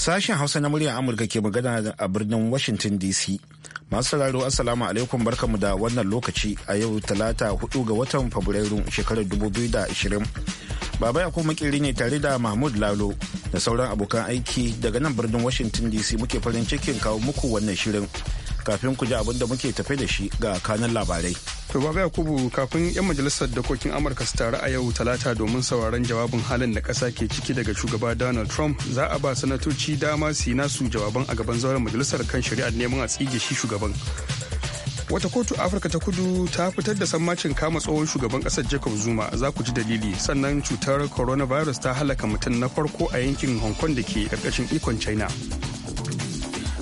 Sashen Hausa na muryar Amurka ke magana a birnin Washington DC. Masu sauraro Assalamu alaikum barkamu da wannan lokaci a yau talata huɗu ga watan Fabrairu shekarar 2020. Baba Yakubu makiri ne tare da Mahmud Lalo da sauran abokan aiki daga nan birnin Washington DC muke farin cikin kawo muku wannan shirin. kafin ku ji abin da muke tafe da shi ga kanan labarai. To Baba Yakubu kafin 'yan majalisar dokokin Amurka su taru a yau talata domin sauraron jawabin halin da kasa ke ciki daga shugaba Donald Trump za a ba sanatoci dama su yi nasu jawaban a gaban zauren majalisar kan shari'ar neman a tsige shi shugaban. Wata kotu Afirka ta kudu ta fitar da sammacin kama tsohon shugaban ƙasar Jacob Zuma za ku ji dalili sannan cutar coronavirus ta halaka mutum na farko a yankin Hong Kong da ke ƙarƙashin ikon China.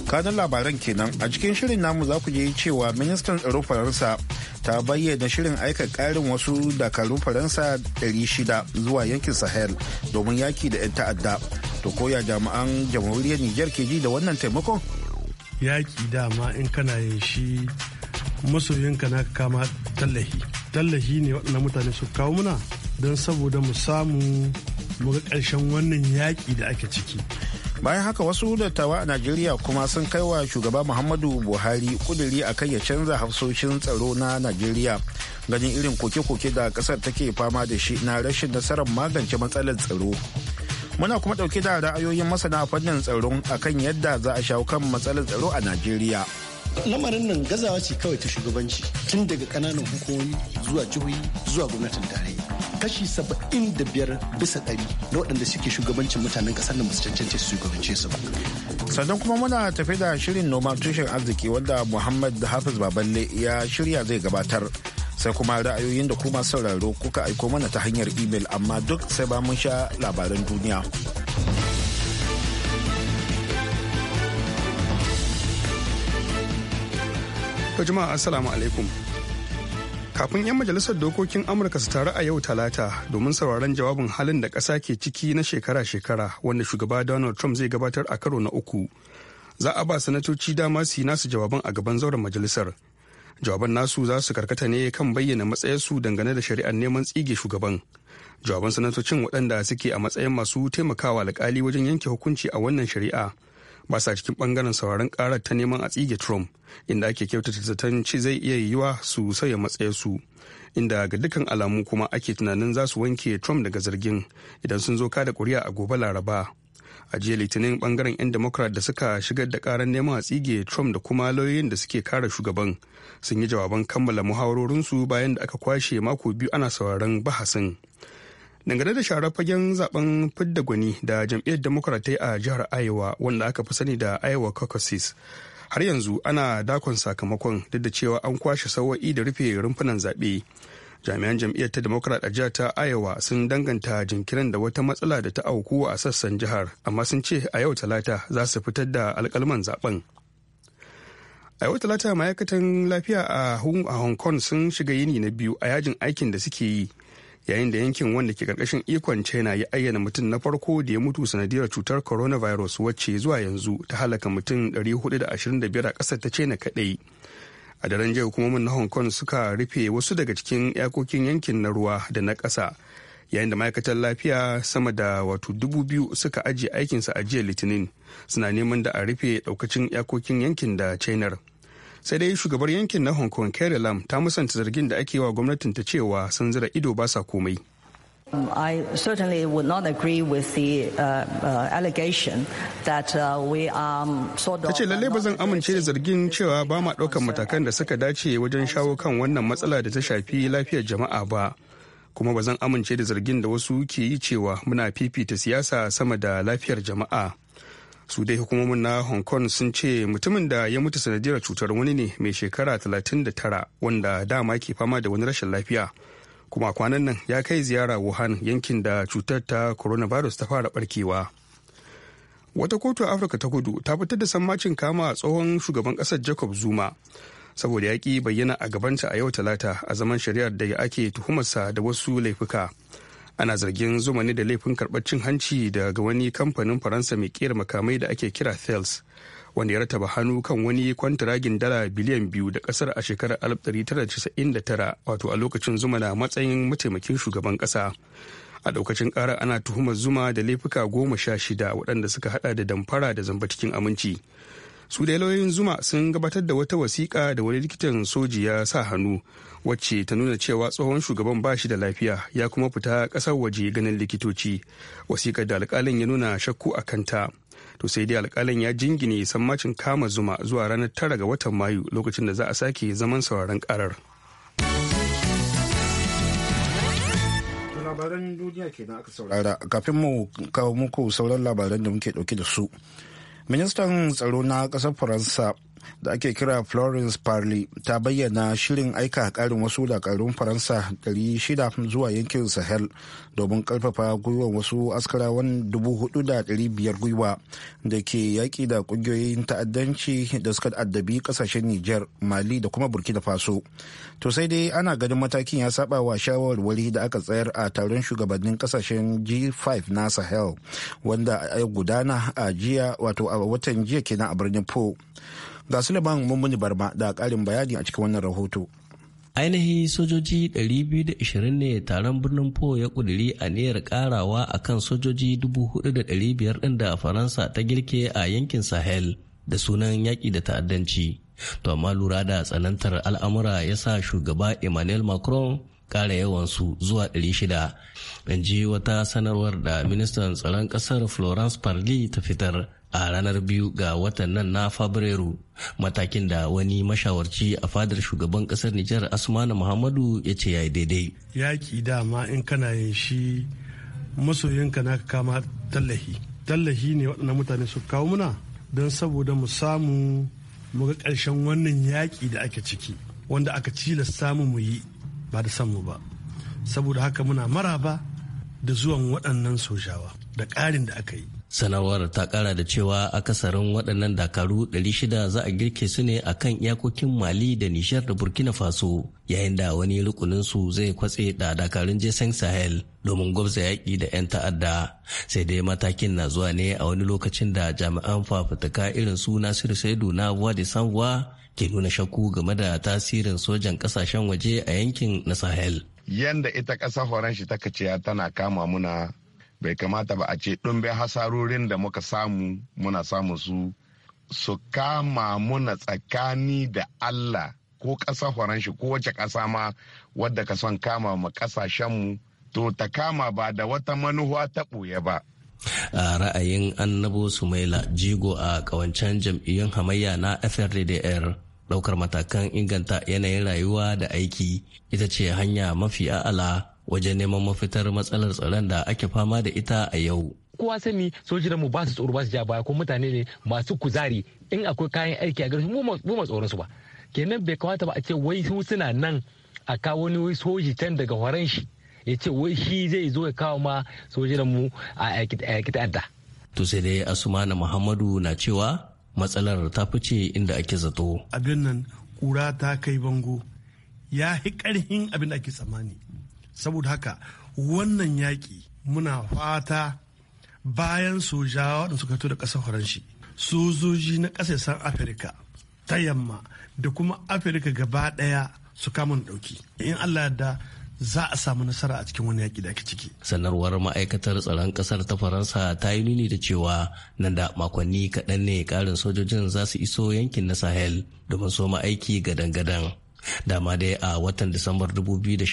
kanan labaran kenan a cikin shirin namu za ku je cewa ministan tsaron faransa ta bayyana shirin aika karin wasu dakarun faransa 600 zuwa yankin sahel domin yaki da 'yan ta'adda to koya jami'an jamhuriyar niger ke ji da wannan taimakon yaki dama in kana yin shi masoyinka na kama tallahi tallahi ne waɗannan mutane su kawo muna don saboda mu samu mu ga ƙarshen wannan yaƙi da ake ciki bayan haka wasu dattawa a najeriya kuma sun kai wa shugaba muhammadu buhari kuduri a kan ya canza hafsoshin tsaro na najeriya ganin irin koke-koke da kasar take fama da shi na rashin nasarar magance matsalar tsaro muna kuma dauke da ra'ayoyin masana fannin tsaron akan yadda za a shawo kan matsalar tsaro a najeriya lamarin nan gazawa ce kawai ta shugabanci tun daga kananan hukumomi zuwa jihohi zuwa gwamnatin tarayya kashi saba'in da biyar bisa ɗari na waɗanda suke shugabancin mutanen ƙasar nan basu cancance su shugabance su ba. sannan kuma muna tafi da shirin noma tushen arziki wanda muhammad hafiz baballe ya shirya zai gabatar sai kuma ra'ayoyin da kuma sauraro kuka aiko mana ta hanyar imel amma duk sai ba mun sha labaran duniya. To jama'a assalamu alaikum. Kafin 'yan majalisar dokokin Amurka su taru a yau talata domin sauraron jawabin halin da ƙasa ke ciki na shekara-shekara wanda shugaba Donald Trump zai gabatar a karo na uku. Za a ba sanatoci dama su yi nasu jawaban a gaban zauren majalisar. Jawaban nasu za su karkata ne kan bayyana matsayarsu dangane da shari'ar neman tsige shugaban. Jawaban sanatocin waɗanda suke a matsayin masu taimakawa alƙali wajen yanke hukunci a wannan shari'a. ba cikin bangaren sauraron karar ta neman a tsige trump inda ake kyautata zaton ci zai iya yiwuwa su sauya matsayarsu inda ga dukkan alamu kuma ake tunanin za su wanke trump daga zargin idan sun zo kada kuri'a a gobe laraba a jiya litinin bangaren 'yan democrat da suka shigar da karar neman a tsige trump da kuma lauyoyin da suke kare shugaban sun yi jawaban kammala muhawarorinsu bayan da aka kwashe mako biyu ana sauraron bahasin dangane da sharar fagen zaben fidda gwani da jam'iyyar democrat a jihar iowa wanda aka fi sani da iowa caucuses har yanzu ana dakon sakamakon duk da cewa an kwashe sawa'i da rufe rumfunan zaɓe jami'an jam'iyyar ta democrat a jihar ta iowa sun danganta jinkirin da wata matsala da ta auku a sassan jihar amma sun ce a yau talata za su fitar da alkalman zaben a yau talata ma'aikatan lafiya a hong kong sun shiga yini na biyu a yajin aikin da suke yi yayin da yankin wanda ke karkashin ikon china ya ayyana mutum na farko da ya mutu sanadiyar cutar coronavirus wacce zuwa yanzu ta halaka mutum 425 a ƙasar ta china kaɗai a daren jiya hukumomin na hong kong suka rufe wasu daga cikin yakokin yankin na ruwa da na kasa yayin da ma'aikatan lafiya sama da wato dubu biyu suka ajiye aikinsa a jiya litinin suna neman da a rufe ɗaukacin yakokin yankin da chinar. sai dai shugabar yankin na hong kong carrie lam ta musanta zargin da ake wa gwamnatin ta cewa sun zira ido ba sa komai um, I certainly would not agree with the uh, uh allegation that uh, we are um, sort of. Tace lallai ba zan amince da zargin cewa ba ma ɗaukan matakan da suka dace wajen shawo kan wannan matsala da ta shafi lafiyar jama'a ba. Kuma ba zan amince da zargin da wasu ke yi cewa muna fifita siyasa sama da lafiyar jama'a. su dai hukumomin na hong kong sun ce mutumin da ya mutu sanadiyar cutar wani ne mai shekara 39 wanda dama ke fama da wani rashin lafiya kuma kwanan nan ya kai ziyara wuhan yankin da cutar ta coronavirus ta fara barkewa wata kotu a afirka ta kudu ta fitar da sammacin kama a tsohon shugaban kasar jacob zuma saboda yaƙi bayyana a gabanta a yau talata a zaman shari'ar da ake tuhumarsa da wasu laifuka ana zargin zumani da laifin karɓar cin hanci daga wani kamfanin faransa mai kera makamai da ake kira thales wanda ya rataba hannu kan wani kwantiragin dala biliyan biyu da kasar a shekarar 1999 wato a lokacin zuma na matsayin mataimakin shugaban kasa a daukacin kara ana tuhumar zuma da laifuka goma sha shida waɗanda suka hada da damfara da zamba cikin aminci su da lauyoyin zuma sun gabatar da wata wasiƙa da wani likitan soji ya sa hannu wacce ta nuna cewa tsohon shugaban ba shi da lafiya ya kuma fita ƙasar waje ganin likitoci wasiƙar da alƙalin ya nuna shakku a kanta to sai dai alƙalin ya jingine sammacin kama zuma zuwa ranar tara ga watan mayu lokacin da za a sake zaman sauraron karar labaran duniya kenan aka saurara kafin mu kawo muku sauran labaran da muke dauke da su ministan tsaro na ƙasar faransa da ake kira florence parley ta bayyana shirin aika karin wasu dakarun faransa 600 zuwa yankin sahel domin karfafa gwiwar wasu askarawan 4,500 gwiwa da ke yaƙi da ƙungiyoyin ta'addanci da suka addabi ƙasashen niger mali da kuma burkina faso to sai dai ana ganin matakin ya saba wa shawarwari da aka tsayar a taron shugabannin ƙasashen g5 na sahel wanda ya gudana a jiya wato a watan jiya kenan a birnin po Ga Suleiman Mummuni Barba da ƙarin bayani a cikin wannan rahoto. ainihi sojoji 220 ne taron birnin po ya kuduri aniyar karawa kan sojoji 4,500 ɗin da faransa ta girke a yankin sahel da sunan yaƙi da ta'addanci to amma lura da tsanantar al'amura ya sa shugaba emmanuel macron yawan su zuwa 600 in ji wata sanarwar da ministan tsaron ƙasar florence parly ta fitar a ranar biyu ga watan nan na fabrairu matakin da wani mashawarci a fadar shugaban kasar nijar asmanu muhammadu ya ce ya yi daidai yaƙi dama in kana yin shi masoyinka na kama tallahi tallahi ne waɗannan mutane su kawo muna don saboda mu samu mu ga ƙarshen wannan yaƙi da ake ciki wanda aka cilasta mu mu yi ba da samu ba saboda haka muna maraba da zuwan waɗannan sojawa da ƙarin da aka yi Sana'war ta kara da cewa akasarin waɗannan dakaru 600 za a girke su ne a kan iyakokin mali da nishar da burkina faso yayin da wani rukuninsu zai kwatse da dakarun jason sahel domin gwabza yaƙi da 'yan ta'adda sai dai matakin na zuwa ne a wani lokacin da jami'an fafutuka irin su nasiru saidu na voix de sanwa ke nuna shakku game da tasirin sojan ƙasashen waje a yankin na sahel yanda ita ƙasa faranshi ta kaciya tana kama muna bai kamata ba a ce ɗumbin hasarorin da muka samu muna samu su su kama muna tsakani da Allah ko ƙasa faranshi ko wace ƙasa ma wadda ka son kama ma ƙasashenmu to ta kama ba da wata manuwa ta ɓoye ba. a ra'ayin annabo sumaila jigo a ƙawancen jam'iyyun hamayya na frddr ɗaukar matakan inganta yanayin rayuwa da aiki ita ce hanya mafi a'ala wajen neman mafitar matsalar tsaron da ake fama da ita a yau. kowa sani sojinan mu ba su tsoro ba su ja baya ko mutane ne masu kuzari in akwai kayan aiki a garin mu ma tsoron su ba kenan bai kamata ba a ce wai su suna nan a kawo wani soji can daga horon shi ya ce wai shi zai zo ya kawo ma sojinan mu a yaki ta'adda. to sai dai asumana muhammadu na cewa matsalar ta fice inda ake zato abin nan kura ta kai bango ya hi karhin abin da ake tsammani saboda haka wannan yaƙi muna fata bayan soja waɗanda suka fito da ƙasar faranshi sojoji na ƙasashen afirka ta yamma da kuma afirka gaba ɗaya su kama ɗauki in allah da za a samu nasara a cikin wani yaƙi da ake ciki. Sanarwar ma'aikatar tsaron ƙasar ta Faransa ta yi nuni da cewa nan da makonni kaɗan ne ƙarin sojojin za su iso yankin na Sahel domin soma aiki gadan-gadan. dama dai a watan disambar 2019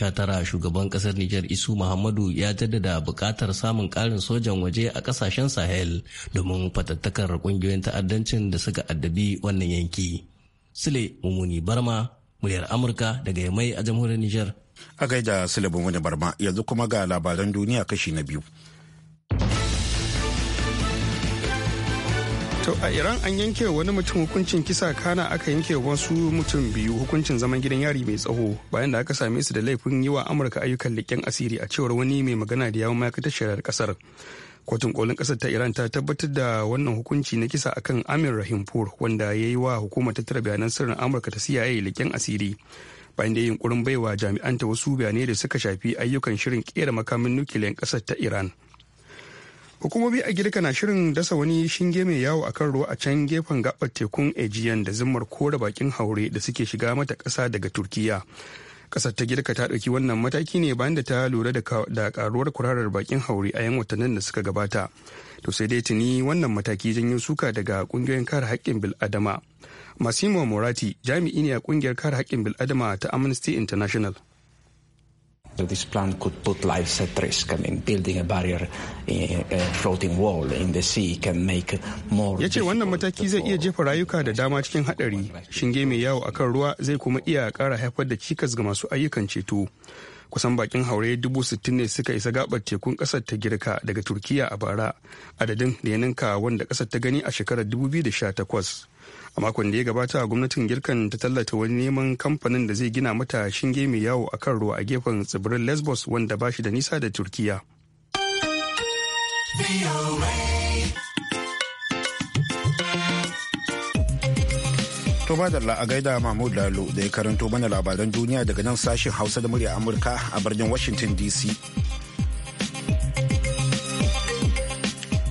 shugaban kasar nijar isu muhammadu ya jaddada bukatar samun karin sojan waje a kasashen sahel domin fatattakar kungiyoyin ta'addancin da suka addabi wannan yanki sule mumuni barma muryar amurka daga yamai a jamhuriyar nijar a gaida sule mumuni barma yanzu kuma ga labaran duniya kashi na biyu To a Iran an yanke wani mutum hukuncin kisa kana aka yanke wasu mutum biyu hukuncin zaman gidan yari mai tsaho bayan da aka same su da laifin yi wa Amurka ayyukan likin asiri a cewar wani mai magana da yawon ma'aikatar shirar kasar. Kotun ƙolin kasar ta Iran ta tabbatar da wannan hukunci na kisa akan Amir Pur wanda ya yi wa hukumar tattara bayanan sirrin Amurka ta CIA likin asiri. Bayan da yunkurin baiwa jami'an ta wasu bayanai da suka shafi ayyukan shirin kera makamin nukiliyan kasar ta Iran. hukumomi a girka na shirin dasa wani shinge mai yawo a kan ruwa a can gefen gabar tekun aegean da zimmar kore bakin haure da suke shiga mata kasa daga turkiya ƙasar ta girka ta dauki wannan mataki ne bayan da ta lura da karuwar kurarar bakin haure a yan watannin da suka gabata to sai dai tuni wannan mataki janyo suka daga kungiyoyin kare haƙƙin bil'adama masimo morati jami'i ne a kungiyar kare haƙƙin bil'adama ta amnesty international This plant could put lives at risk. I mean, building a barrier, a eh, eh, floating wall in the sea can make more. Ya wannan mataki zai iya jefa rayuka da dama cikin hadari. Shinge mai yawo akan ruwa zai kuma iya kara haifar da cikas ga masu ayyukan ceto. Kusan bakin haure dubu sittin ne suka isa gabar tekun kasar ta girka daga Turkiya a bara, adadin da ya ninka wanda kasar ta gani a shekarar 2018. a makon da ya gabata gwamnatin girkan ta tallata wani neman kamfanin da zai gina mata shinge mai yawo a kan ruwa a gefen tsibirin lesbos wanda ba shi da nisa da turkiya To ba a gaida Mahmud Lalo da ya karanto mana labaran duniya daga nan sashen Hausa da murya Amurka a birnin Washington DC.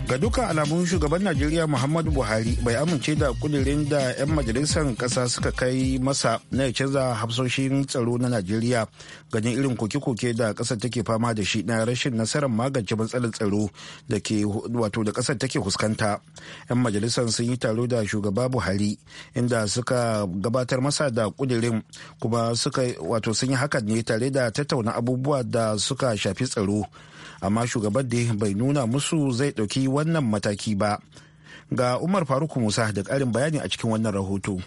ga duka alamun shugaban najeriya muhammadu buhari bai amince da kudirin da 'yan majalisar kasa suka kai masa na canza hafsoshin tsaro na najeriya ganin irin koke-koke da kasar take fama da shi na rashin nasarar magance matsalar tsaro da ke wato da kasar take fuskanta 'yan majalisar sun yi taro da shugaba buhari inda suka gabatar masa da kudirin kuma suka wato sun yi hakan ne tare da tattauna abubuwa da suka shafi tsaro amma shugaban da bai nuna musu zai ɗauki wannan mataki ba ga umar faruk musa da ƙarin bayani a cikin wannan rahoto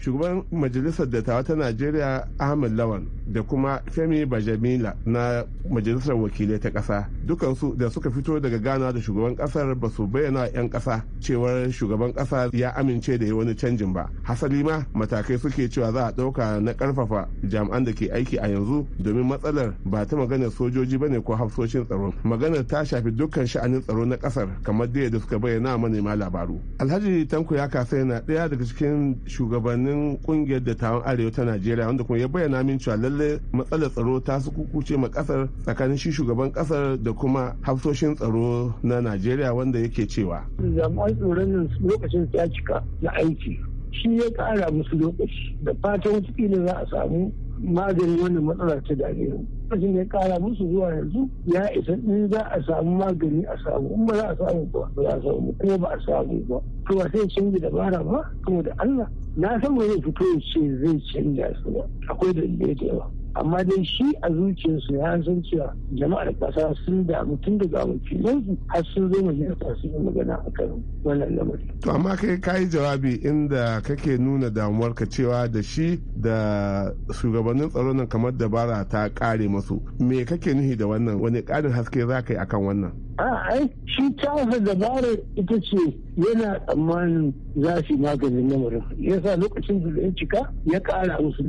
shugaban majalisar dattawa ta najeriya ahmed lawan da kuma femi bajamila na majalisar wakilai ta kasa dukansu da suka fito daga ghana da shugaban kasar ba su bayyana 'yan kasa cewar shugaban kasa ya amince da wani canjin ba hasali ma matakai suke cewa za a ɗauka na karfafa jami'an da ke aiki a yanzu domin matsalar ba ta maganar sojoji ba ne ko hafsoshin tsaro maganar ta shafi dukkan sha'anin tsaro na kasar kamar da suka bayyana manema labaru alhaji tanko ya kasa yana ɗaya daga cikin shugabannin tsakanin kungiyar dattawan arewa ta najeriya wanda kuma ya bayyana min cewa lalle matsalar tsaro ta su kukuce ma kasar tsakanin shi shugaban kasar da kuma hafsoshin tsaro na najeriya wanda yake cewa jami'an tsoron lokacin ya cika na aiki shi ya kara musu lokaci da fatan wata za a samu magani wannan matsalar ta dame lokacin da ya kara musu zuwa yanzu ya isa in za a samu magani a samu in ba za a samu ba ba za a samu kuma ba a samu ba to ba sai canji dabara ba kuma da Allah 男什么也不可以去挣钱，是吧？他会的，理解了。amma dai shi a zuciyarsu ya san cewa jama'ar kasa sun damu tun daga wakilansu har sun zo majalisa su yi magana a kan wannan lamari. to amma kai ka yi jawabi inda kake nuna damuwarka cewa da shi da shugabannin tsaron nan kamar dabara ta kare masu me kake nuhi da wannan wani karin haske za ka yi akan wannan. ai shi ta dabarar ita ce yana tsammanin za su maganin lamarin yasa lokacin da ya cika ya kara musu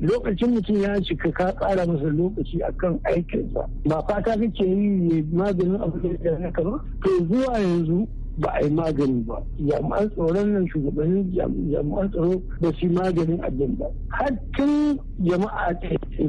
lokaci mutum ya cika ka tsara masa lokaci akan aikinsa ba fata kake yi ne maganin abin da ya kama to zuwa yanzu ba a yi magani ba jami'an tsoron nan shugabannin jami'an tsaro ba su maganin abin ba har tun jama'a ta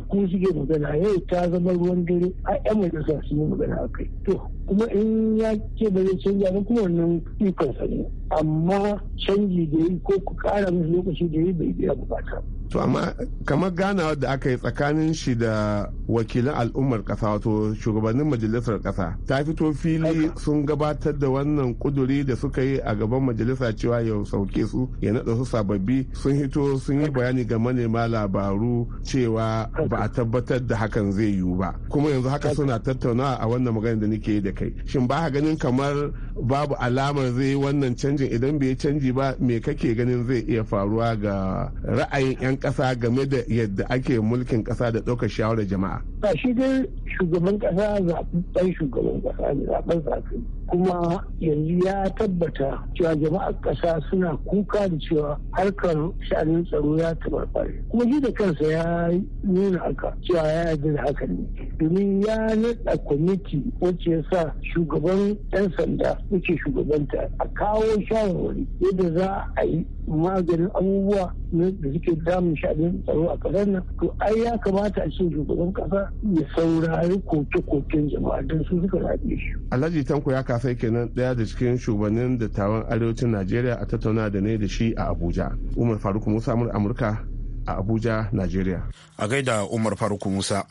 ko suke magana yau ta zama ruwan dare a yan majalisa su yi magana a kai to kuma in ya ce ba zai canja ba kuma wannan ikon ne amma canji da yi ko ku kara musu lokaci da yi bai biya bukata ba to amma kamar ganawa da aka yi tsakanin shi da wakilin al'ummar kasa wato shugabannin majalisar kasa ta fito fili sun gabatar da wannan kuduri da suka yi a gaban majalisa cewa ya sauke su ya naɗa su sababbi sun hito sun yi bayani ga manema labaru cewa ba a tabbatar da hakan zai yiwu ba kuma yanzu haka suna tattaunawa a wannan magana da nake da kai shin ba ganin kamar babu alamar zai yi wannan canjin idan bai canji ba me kake ganin zai iya faruwa ga ra'ayin 'yan ƙasa game da yadda ake mulkin ƙasa da ɗaukar shawarar jama'a. Ba shi dai shugaban ƙasa zaɓen shugaban ƙasa zaɓen zaɓen kuma yanzu ya tabbata cewa jama'ar ƙasa suna kuka da cewa harkar sha'anin tsaro ya tabarbare kuma shi da kansa ya nuna haka cewa ya yarda da haka ne domin ya naɗa kwamiti wacce ya sa shugaban 'yan sanda wuce shugabanta a kawo shawarwari yadda za a yi maganin abubuwa da suke damun sha'anin tsaro a ƙasar nan to ai ya kamata a ce shugaban ƙasa ya saurari koke-koken jama'a don su suka zaɓe shi. Alhaji Tanko ya kasai kenan daya da cikin shugabannin dattawan arewacin najeriya a tattauna da ne da shi a abuja umar faruk musa amurka a abuja najeriya a gaida umar faruk musa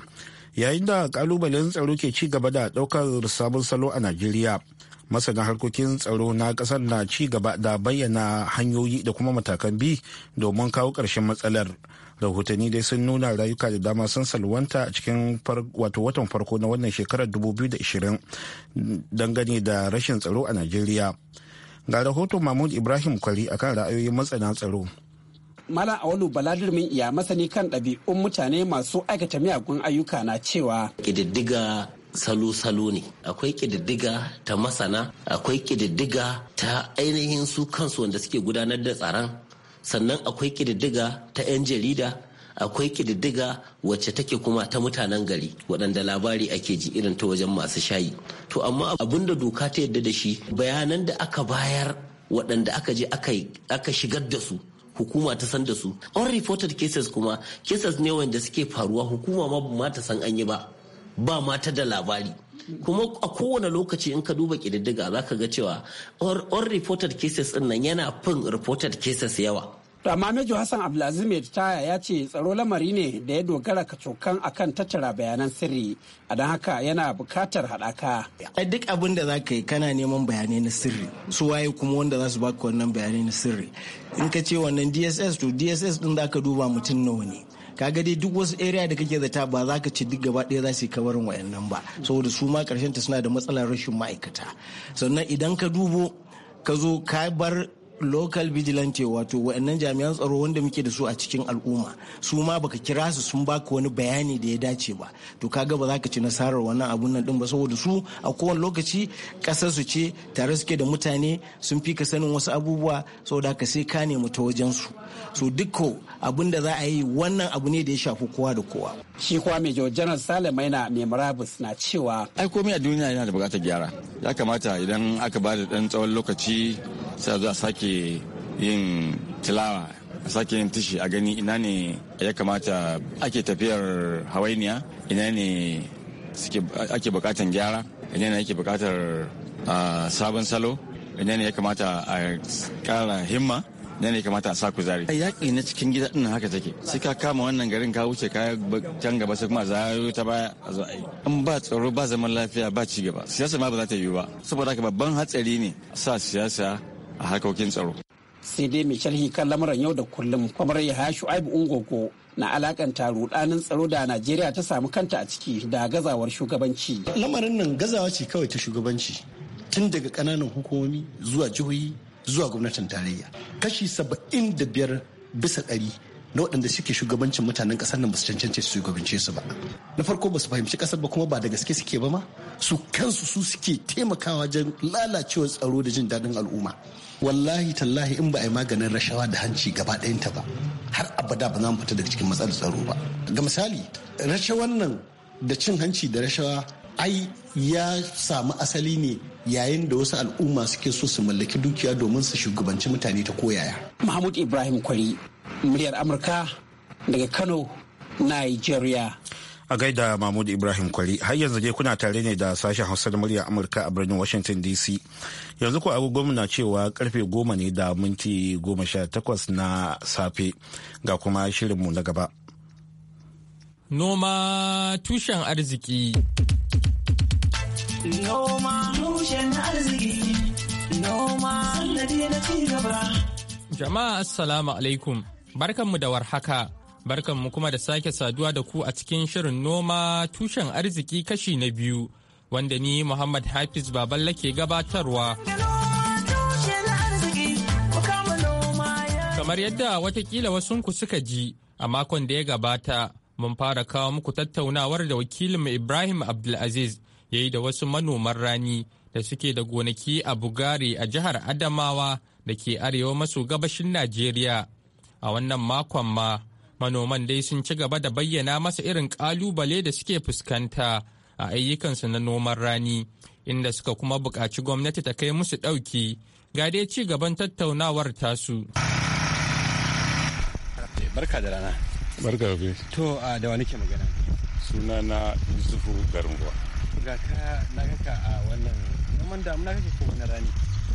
yayin da kalubalen tsaro ke ci gaba da daukar sabon salo a najeriya masana harkokin tsaro na kasar na ci gaba da bayyana hanyoyi da kuma matakan bi domin kawo ƙarshen matsalar rahotanni dai sun nuna rayuka da dama sun salwanta a cikin wato watan farko na wannan shekarar 2020 dangane da rashin tsaro a najeriya ga rahoton mahmud ibrahim kwari akan ra'ayoyin matsana tsaro Mala Awalu min iya masani kan ɗabi'un mutane masu aikata miyagun ayyuka na cewa. Ƙididdiga salo-salo ne akwai ƙididdiga ta masana akwai ƙididdiga ta ainihin su kansu wanda suke gudanar da tsaron sannan akwai ƙididdiga ta 'yan jarida akwai ƙididdiga wacce take kuma ta mutanen gari waɗanda labari ake ji irin ta wajen masu shayi to amma abin da doka ta yadda da shi bayanan da aka bayar waɗanda aka je aka shigar da su hukuma ta san da su unreported cases kuma cases ne wanda suke faruwa hukuma ma ta san an yi ba ba mata da labari kuma a kowane lokaci in ka duba kididdiga za ka ga cewa on reported cases din nan yana fin reported cases yawa amma Mejo Hassan abdulazim taya ya ce tsaro lamari ne da ya dogara kacokan akan tattara bayanan sirri a don haka yana bukatar haɗaka. A duk abin da za ka yi kana neman bayanai na sirri su waye kuma wanda za su baka wannan bayanai na sirri in ka ce wannan DSS to DSS din za ka duba mutum nawa ne kaga dai duk wasu area da kake zata ba za ka ci duk gaba ɗaya za su yi kabarin wayannan ba saboda su ma karshen ta suna da matsalar rashin ma'aikata sannan idan ka dubo ka zo ka bar local vigilante wato wa'annan jami'an tsaro wanda muke da su a cikin al'umma su ma baka kira su sun baka wani bayani da ya dace ba to kaga ba za ka ci nasarar wannan abun nan din ba saboda su a kowane lokaci kasar su ce tare suke da mutane sun fi ka sanin wasu abubuwa saboda ka sai ka nemi ta wajen su so dukko abun da za a yi wannan abu ne da ya shafi kowa da kowa shi kuwa major general salim maina mai murabus na cewa ai komai a duniya yana da bukatar gyara ya kamata idan aka ba da dan tsawon lokaci sai a zo a sake yin tilawa a sake yin tishi a gani ina ne ya kamata ake tafiyar hawainiya ina ne ake bukatan gyara ina ne ake bukatar sabon salo ina ne ya kamata a kara himma ina ne ya kamata a sa kuzari yaƙi na cikin gida ɗin haka take sai ka kama wannan garin ka wuce ka can gaba sai kuma zayo ta baya a zo in ba tsaro ba zaman lafiya ba ci gaba siyasa ma ba za ta yiwu ba saboda haka babban hatsari ne sa siyasa a harkokin tsaro. sai dai mai sharhi kan lamuran yau da kullum kwamar ya shu'aibu ungogo na alakanta rudanin tsaro da najeriya ta samu kanta a ciki da gazawar shugabanci lamarin nan gazawa ce kawai ta shugabanci tun daga kananan hukumomi zuwa jihohi zuwa gwamnatin tarayya kashi saba'in da biyar bisa ɗari na waɗanda suke shugabancin mutanen ƙasar nan ba su cancance su shugabance su ba na farko ba su fahimci ƙasar ba kuma ba da gaske suke ba ma su kansu su suke taimakawa wajen lalacewar tsaro da jin daɗin al'umma wallahi tallahi in ba a yi maganin rashawa da hanci gaba ɗayanta ba har abada ba za mu fita daga cikin matsalar tsaro ba ga misali rashawan nan da cin hanci da rashawa ai ya samu asali ne yayin da wasu al'umma suke so su mallaki dukiya domin su shugabanci mutane ta koyaya. Mahmud Ibrahim Kwari muryar amurka daga kano nigeria a gaida mahmud ibrahim kwari har yanzu dai kuna tare ne da sashen hausa da murya amurka a birnin washington dc yanzu ko agogon na cewa karfe goma ne da minti goma sha takwas na safe ga kuma shirinmu na gaba noma tushen arziki noma tushen arziki noma na ci gaba jama'a assalamu alaikum Barkanmu da warhaka, barkanmu kuma da sake saduwa da ku a cikin shirin noma tushen arziki kashi na biyu, wanda ni Muhammad Hafiz Baballa ke gabatarwa. Kamar yadda watakila wasunku suka ji a makon da ya gabata, mun fara kawo muku tattaunawar da wakilinmu Ibrahim Abdulaziz ya yi da wasu manoman rani da suke da gonaki a Bugari a jihar Adamawa da ke arewa maso gabashin Najeriya. a wannan makon ma manoman dai sun ci gaba da bayyana masa irin kalubale da suke fuskanta a ayyukansu na noman rani inda suka kuma buƙaci gwamnati ta kai musu ɗauki ga dai ci gaban tattaunawar tasu. barka da rana barka da to da wani ke magana suna na zufu garmuwa ga ka na kaka a wannan noman damuna kake ko na rani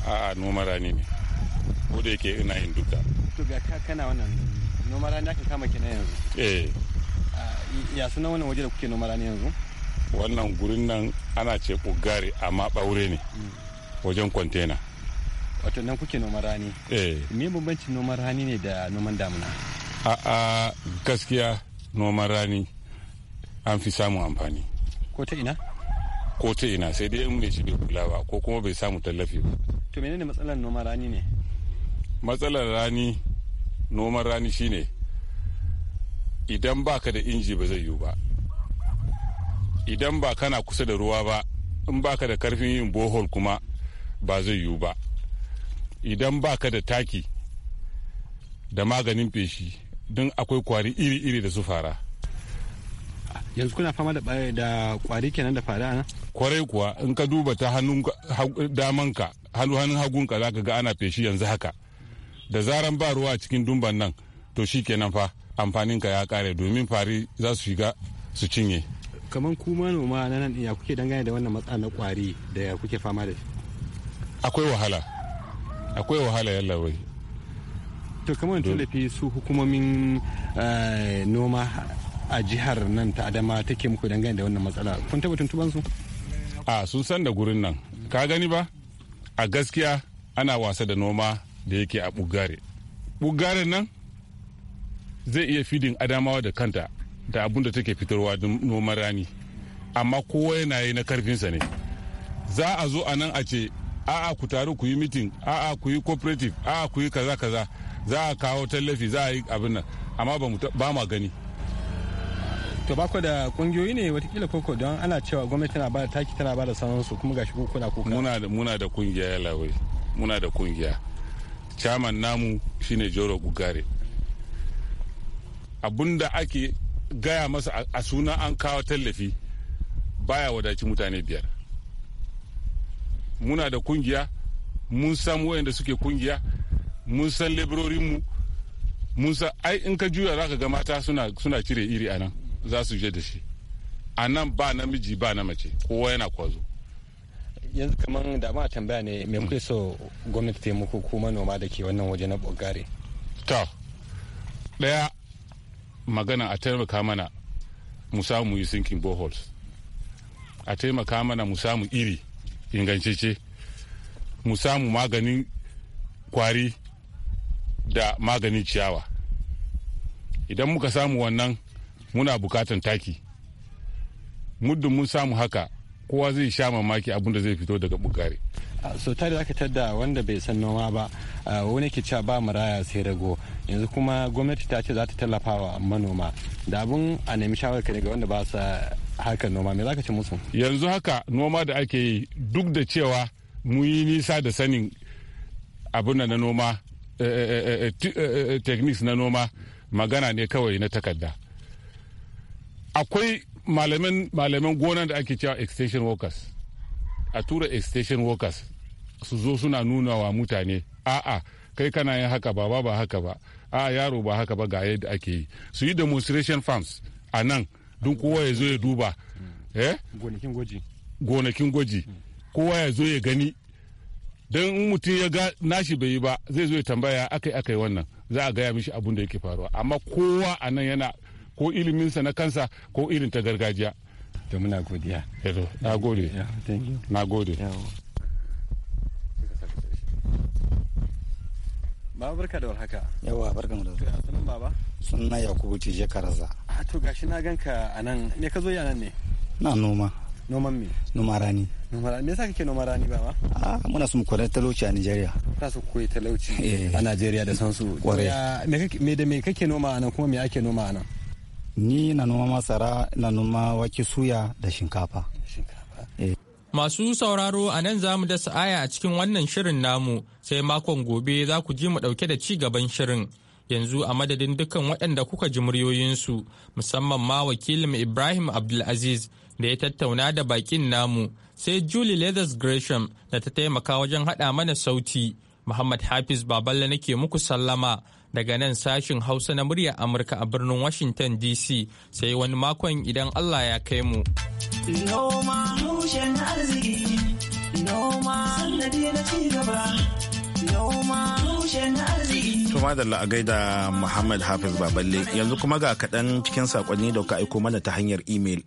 a noman rani ne ko da yake ina yin duka to ga kana wannan noman rani aka kama kina yanzu eh ah, ya sunan wannan waje da kuke noman rani yanzu wannan gurin nan ana ce ugari amma ɓaure ne hmm. wajen kwantena wato nan kuke noman rani eh me bambancin noman rani ne da noman damuna a a gaskiya noman rani an fi samun amfani ko ta ina ko ta ina sai dai in mai shi bai kulawa ko kuma bai samu tallafi ba to menene matsalar noman rani ne matsalar rani noman rani shine idan baka da inji ba zai yiwu ba idan ba kana kusa da ruwa ba in baka da karfin yin bohol kuma ba zai yiwu ba idan baka da taki da maganin feshi don akwai kwari iri-iri da su fara yanzu kuna fama da kwari kenan da fara na kwarai kuwa in ka duba ta hannun damanka hannun hagunka za ka ga ana feshi yanzu haka da zaran ba ruwa a cikin dumban nan to shi nan fa amfaninka ya kare domin fari za su shiga su cinye kamar kuma noma na nan ya kuke dangane da wannan matsala na kwari da ya kuke fama da shi akwai wahala akwai wahala yalla wai to kamar tallafi su hukumomin eh, noma a jihar nan ta adama take muku dangane da wannan matsala kun taba tuntuban su a sun san da gurin nan ka gani ba a gaskiya ana wasa da noma da yake a bugare bugare nan zai iya fidin adamawa da kanta da abun da take fitarwa noman rani amma kowa yana yi na karfinsa ne za a zo a nan a ce a'a ku taru ku yi mitin a'a ku yi cooperative a'a ku yi kaza kaza za a kawo tallafi za a yi abin nan amma ba ma gani to ba da kungiyoyi ne watakila koko don ana cewa gwamnati tana ba da taki tana ba da sanansu kuma gashi kuna kuka muna da muna da kungiya ya lawai muna da kungiya chairman namu shine joro gugare da ake gaya masa a suna an kawo tallafi baya wadaci mutane biyar muna da kungiya mun san wayanda suke kungiya mun san mu mun san ai in ka juya za ka ga mata suna, cire iri anan za su je da shi a nan ba namiji ba na mace kowa yana kwazo yanzu kamar da ma tambaya ne me kuke so gwamnati ta muku ko manoma da ke wannan waje na bogare to daya magana a taimaka mana mu samu yi sinking boreholes a taimaka mana mu samu iri ingancece mu samu maganin kwari da maganin ciyawa idan muka samu wannan muna bukatan taki muddin mun samu haka kowa zai sha mamaki abun da zai fito daga bukari ah, so tare ta da wanda bai san noma ba ah, wani ke cewa ba maraya sai rago yanzu kuma gwamnati ta ce za ta tallafa wa manoma da abun a nemi shawarka daga wanda ba sa harkar noma me zaka ce musu yanzu haka noma da ake yi duk da cewa mu yi nisa da sanin abun na noma eh, eh, eh, techniques na noma magana ne kawai na takarda akwai malaman malaman gona da ake cewa extension workers a tura extension workers su zo suna nuna wa mutane a'a kai kana yin haka ba ba haka ba a yaro ba haka ba ga yadda ake yi su yi demonstration farms a nan don kowa ya zo ya duba eh? gonakin gwaji kowa ya zo ya gani don in mutum ya ga nashi bai yi ba zai zo ya tambaya akai akai wannan za a gaya mishi abun da yake faruwa amma kowa a nan yana ko iliminsa na kansa ko irin ta gargajiya to muna godiya na gode na gode Baba barka da warhaka. Yawa barka da warhaka. Sunan baba? Sunna Yakubu Tije Karaza. Ah to gashi na ganka a nan me ka zo yi a nan ne? Na noma. Noman me? Noma rani. Noma rani. Me yasa kake noma rani baba? Ah muna son kwarai talauci a Nigeria. Ka so koyi talauci eh. a Nigeria da san su. Kwarai. Me da me kake noma a nan kuma me ake noma a nan? ni na noma masara na noma wake suya da shinkafa eh. masu sauraro a nan za mu dasa aya a cikin wannan shirin namu sai makon gobe za ku ji mu ɗauke da ci gaban shirin yanzu a madadin dukkan waɗanda kuka ji muryoyinsu musamman ma wakilin ibrahim abdulaziz da ya tattauna da bakin namu sai julie leathers gresham da ta taimaka wajen haɗa mana sauti muhammad hafiz baballa nake muku sallama daga nan sashin hausa na murya amurka a birnin washington dc sai wani makon idan allah ya kai mu noma da arziki noma na muhammad hafiz baballe yanzu kuma ga kaɗan cikin saƙonni da ka aiko mana ta hanyar imel.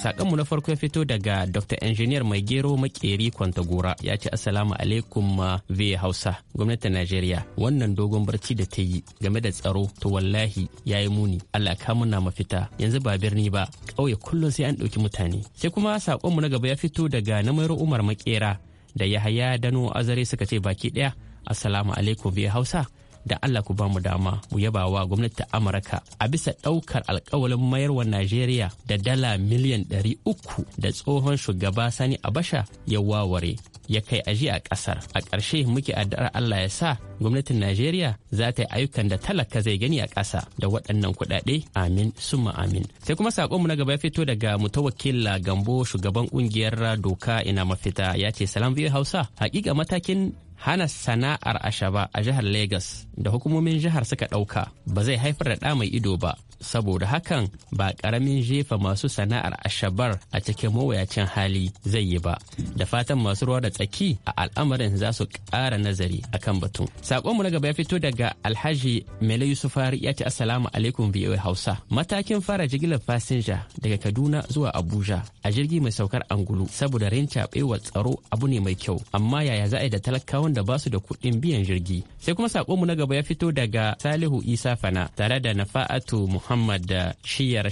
Sakonmu na farko ya fito daga Dr. Engineer Mai Gero Makeri Kwantagora ya ce Assalamu alaikum ve Hausa gwamnatin Najeriya wannan dogon barci da ta yi game da tsaro to wallahi ya yi muni Allah ka muna mafita yanzu ba birni ba ƙauye kullum sai an ɗauki mutane. Sai kuma sakonmu na gaba ya fito daga Namairu Umar Makera da Yahaya Dano Azare suka ce baki ɗaya Assalamu alaikum ve Hausa da Allah ku ba mu dama mu yaba wa gwamnatin Amurka a bisa ɗaukar alkawalin wa Najeriya da dala miliyan ɗari uku da tsohon shugaba Sani Abasha ya waware ya kai aji a ƙasar. A ƙarshe muke addu'ar Allah ya sa gwamnatin Najeriya za ta yi ayyukan da talaka zai gani a ƙasa da waɗannan kuɗaɗe amin summa amin. Sai kuma saƙonmu na gaba ya fito daga mutawakil Gambo shugaban ƙungiyar doka ina mafita ya ce salam biyu Hausa hakika matakin hana sana'ar ashaba a jihar Legas da hukumomin jihar suka ɗauka ba zai haifar da ɗa mai ido ba saboda hakan ba ƙaramin jefa masu sana'ar ashabar a cikin mawuyacin hali zai yi ba da fatan masu ruwa da tsaki a al'amarin za su ƙara nazari akan batun saƙonmu na gaba ya fito daga alhaji mele yusuf ya ce assalamu alaikum voa hausa matakin fara jigilar fasinja daga kaduna zuwa abuja a jirgi mai saukar angulu saboda cabewa tsaro abu ne mai kyau amma yaya za a yi da talakawan da ba su da kuɗin biyan jirgi sai kuma saƙonmu na gaba ya fito daga salihu isa fana tare da nafa'atu muhammad muhammad da shiyar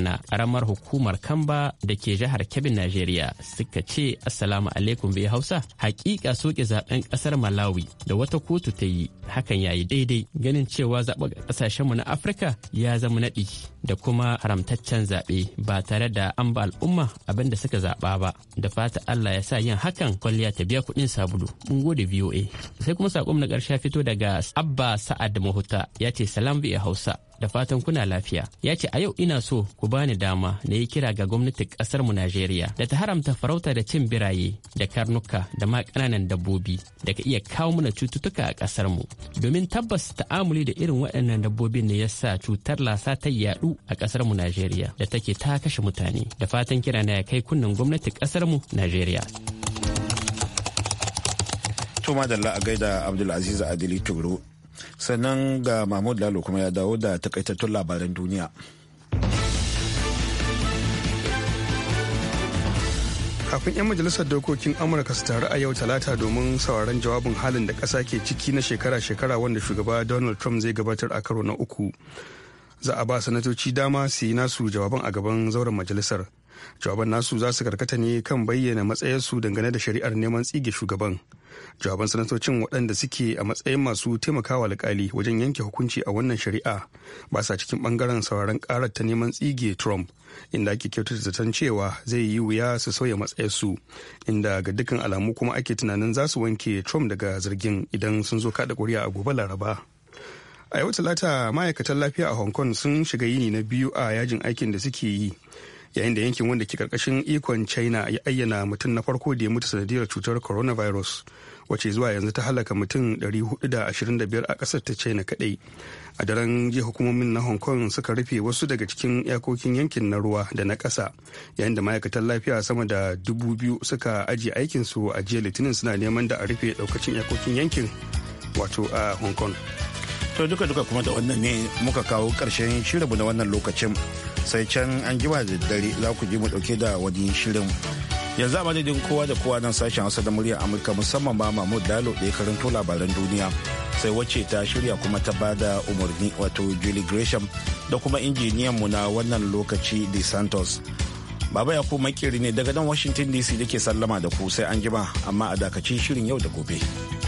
na ƙaramar hukumar kamba da ke jihar kebbi najeriya suka ce assalamu alaikum bai hausa hakika soke zaben ƙasar malawi da wata kotu ta yi hakan ya yi daidai ganin cewa zaɓen ƙasashenmu na afirka ya zama naɗi da kuma haramtaccen zaɓe ba tare da an ba al'umma abin da suka zaɓa ba da fata allah ya sa yin hakan kwalliya ta biya kuɗin sabulu mun gode voa sai kuma saƙon na ƙarshe fito daga abba sa'ad mahuta ya ce salam bai hausa da fatan kuna lafiya ya ce a yau ina so ku bani dama na yi kira ga gwamnatin kasar mu Najeriya da ta haramta farauta da cin biraye da karnuka da ma kananan dabbobi da ka iya kawo mana cututtuka a kasar mu domin tabbas ta'amuli da irin waɗannan dabbobin ne yasa cutar lasa ta yaɗu a kasar mu Najeriya da take ta kashe mutane da fatan kira na ya kai kunnen gwamnatin kasar mu Najeriya to madalla a gaida Abdulaziz Adili Turo sannan ga mahmud lalo kuma ya dawo da takaitattun labaran duniya kafin 'yan majalisar dokokin amurka su taru a yau talata domin sauraron jawabin halin da ƙasa ke ciki na shekara-shekara wanda shugaba donald trump zai gabatar a karo na uku za a ba sanatoci dama su yi nasu jawaban a gaban zauren majalisar jawaban nasu za su karkata ne kan bayyana matsayarsu dangane da shari'ar neman tsige shugaban jawaban sanatocin waɗanda suke a matsayin masu taimakawa alkali wajen yanke hukunci a wannan shari'a ba sa cikin bangaren sauraron karar ta neman tsige trump inda ake kyautata zaton cewa zai yi wuya su sauya matsayarsu inda ga dukkan alamu kuma ake tunanin za su wanke trump daga zargin idan sun zo kaɗa kuri'a a gobe laraba a yau talata ma'aikatan lafiya a hong kong sun shiga yini na biyu a yajin aikin da suke yi yayin da yankin wanda ke karkashin ikon china ya ayyana mutum na farko da ya mutu sanadiyar cutar coronavirus wace zuwa yanzu ta halaka mutum 425 a kasar ta china kadai a daren ji hukumomin na hong kong suka rufe wasu daga cikin yakokin yankin na ruwa da na kasa yayin da ma'aikatan lafiya sama da dubu biyu suka ajiye aikinsu a jiya litinin suna neman da a rufe daukacin yakokin yankin wato a hong kong to duka duka kuma da wannan ne muka kawo karshen shirinmu na wannan lokacin sai can an jima da dare za ku ji mu dauke da wani shirin yanzu a madadin kowa da kowa nan sashen hausa da muryar amurka musamman ma mahmud dalo da ya karanto labaran duniya sai wacce ta shirya kuma ta bada umarni wato julie gresham da kuma injiniyan mu na wannan lokaci de santos baba ya ku makiri ne daga nan washington dc da sallama da ku sai an jima amma a dakacin shirin yau da gobe.